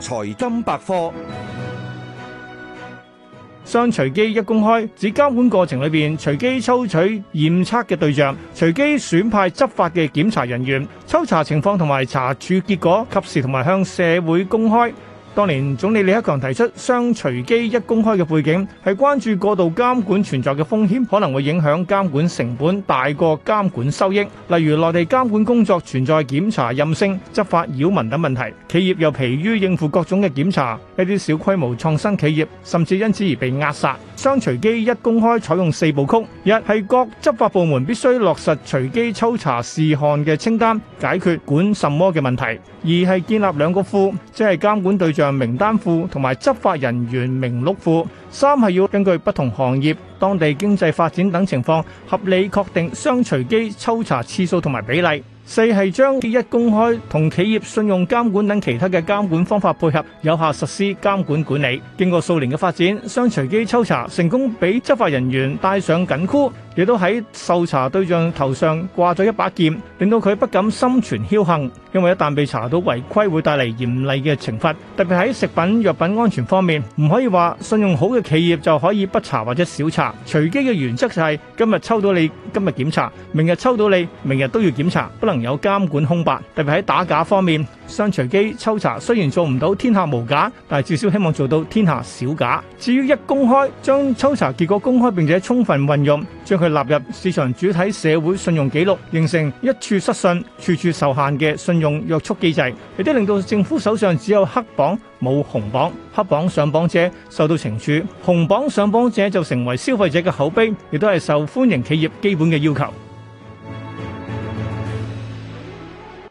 財金百科，雙隨機一公開指監管過程裏邊隨機抽取檢測嘅對象，隨機選派執法嘅檢查人員，抽查情況同埋查處結果及時同埋向社會公開。當年總理李克強提出雙隨機一公開嘅背景，係關注過度監管存在嘅風險，可能會影響監管成本大過監管收益。例如內地監管工作存在檢查任性、執法擾民等問題，企業又疲於應付各種嘅檢查，一啲小規模創新企業甚至因此而被扼殺。雙隨機一公開採用四部曲：一係各執法部門必須落實隨機抽查事項嘅清單，解決管什麼嘅問題；二係建立兩個庫，即係監管對象。像名單庫同埋執法人員名錄庫，三係要根據不同行業、當地經濟發展等情況，合理確定雙隨機抽查次數同埋比例。四係將一公開同企業信用監管等其他嘅監管方法配合，有效實施監管管理。經過數年嘅發展，雙隨機抽查成功俾執法人員戴上緊箍，亦都喺受查對象頭上掛咗一把劍，令到佢不敢心存僥倖。因為一旦被查到違規，會帶嚟嚴厲嘅懲罰。特別喺食品藥品安全方面，唔可以話信用好嘅企業就可以不查或者少查。隨機嘅原則就係今日抽到你，今日檢查；明日抽到你，明日都要檢查，不能。有監管空白，特別喺打假方面，雙隨機抽查雖然做唔到天下無假，但係至少希望做到天下少假。至於一公開，將抽查結果公開，並且充分運用，將佢納入市場主體社會信用記錄，形成一處失信處處受限嘅信用約束機制，亦都令到政府手上只有黑榜冇紅榜，黑榜上榜者受到懲處，紅榜上榜者就成為消費者嘅口碑，亦都係受歡迎企業基本嘅要求。